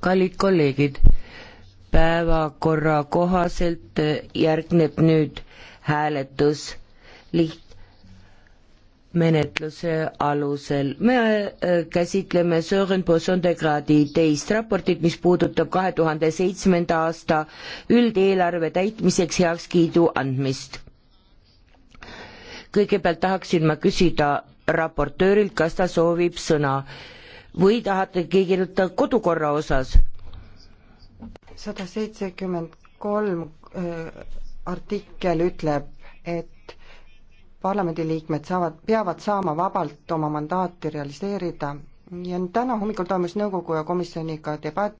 kallid kolleegid, päevakorra kohaselt eh, järgneb nüüd hääletus lihtmenetluse alusel. me eh, käsitleme Sören Bosondegradi teist raportit, mis puudutab kahe tuhande seitsmenda aasta üldeelarve täitmiseks heakskiidu andmist. kõigepealt tahaksin ma küsida raportöörilt, kas ta soovib sõna või tahate kirjutada kodukorra osas? sada seitsekümmend kolm äh, artikkel ütleb, et parlamendiliikmed saavad, peavad saama vabalt oma mandaati realiseerida ja täna hommikul toimus nõukogu ja komisjoniga debatt